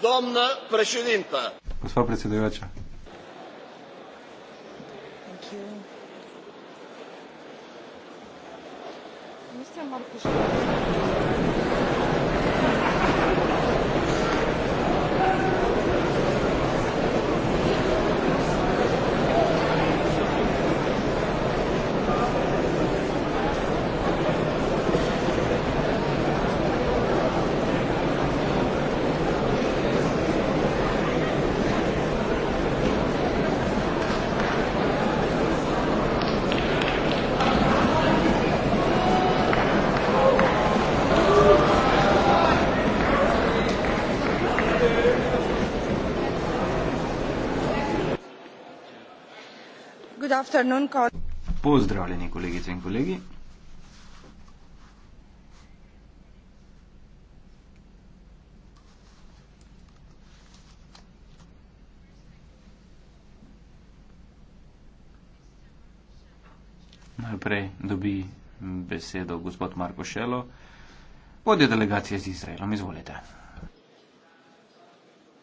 doamnă președintă. Gospa predsedujoča. Mr. Markuš. Pozdravljeni, kolegice in kolegi. Najprej dobi besedo gospod Marko Šelo, vodja delegacije z Izraelom. Izvolite.